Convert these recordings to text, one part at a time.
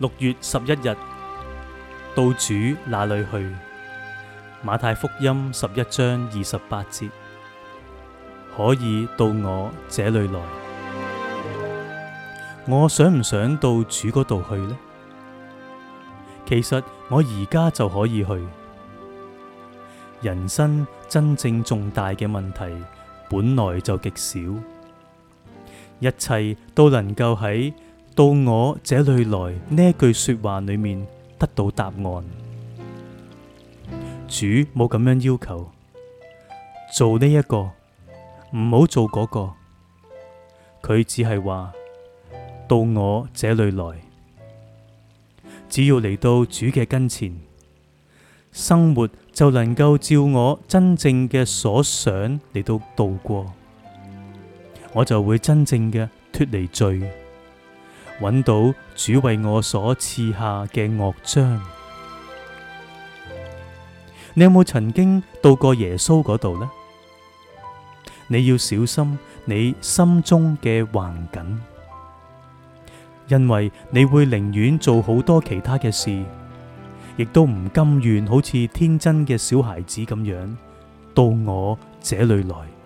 六月十一日到主那裏去。馬太福音十一章二十八節，可以到我這裏來。我想唔想到主嗰度去呢？其實我而家就可以去。人生真正重大嘅問題，本來就極少，一切都能夠喺到我這裏來，呢句說話裏面得到答案。主冇咁樣要求，做呢一個唔好做嗰個。佢只係話到我這裏來，只要嚟到主嘅跟前，生活就能夠照我真正嘅所想嚟到度過，我就會真正嘅脱離罪。揾到主為我所賜下嘅樂章，你有冇曾經到過耶穌嗰度呢？你要小心你心中嘅環境，因為你會寧願做好多其他嘅事，亦都唔甘願好似天真嘅小孩子咁樣到我這裏來。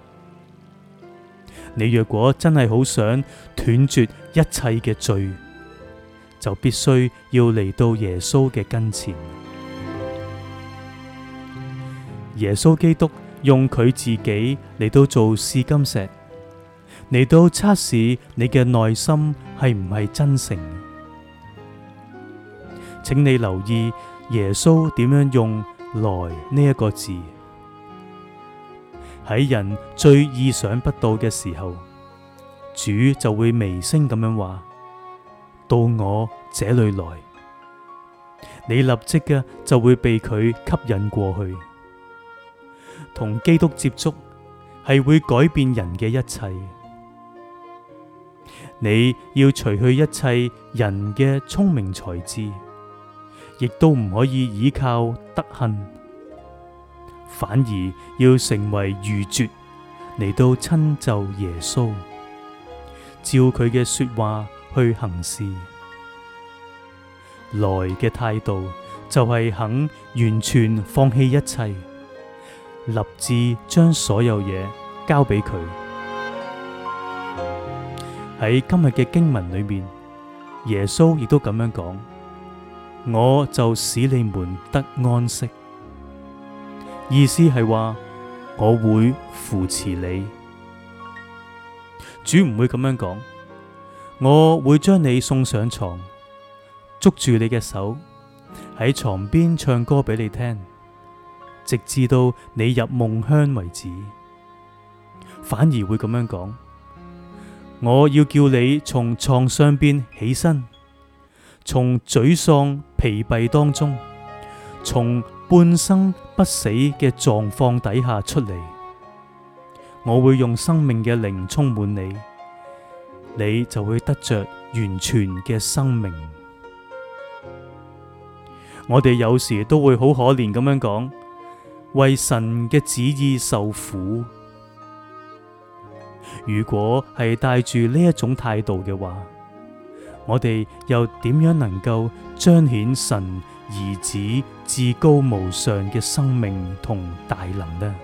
你若果真係好想斷絕一切嘅罪，就必須要嚟到耶穌嘅跟前。耶穌基督用佢自己嚟到做試金石，嚟到測試你嘅內心係唔係真誠。請你留意耶穌點樣用來呢一個字。喺人最意想不到嘅時候，主就會微聲咁樣話：「到我這裏來，你立即嘅就會被佢吸引過去，同基督接觸係會改變人嘅一切。你要除去一切人嘅聰明才智，亦都唔可以依靠德行。反而要成為愚拙，嚟到親就耶穌，照佢嘅說話去行事。來嘅態度就係肯完全放棄一切，立志將所有嘢交俾佢。喺今日嘅經文裏面，耶穌亦都咁樣講：我就使你們得安息。意思係話我會扶持你，主唔會咁樣講。我會將你送上床，捉住你嘅手喺床邊唱歌俾你聽，直至到你入夢鄉為止。反而會咁樣講，我要叫你從床上邊起身，從沮喪疲憊當中。從半生不死嘅狀況底下出嚟，我會用生命嘅靈充滿你，你就會得着完全嘅生命。我哋有時都會好可憐咁樣講，為神嘅旨意受苦。如果係帶住呢一種態度嘅話，我哋又點樣能夠彰顯神？兒子至高無上嘅生命同大能呢？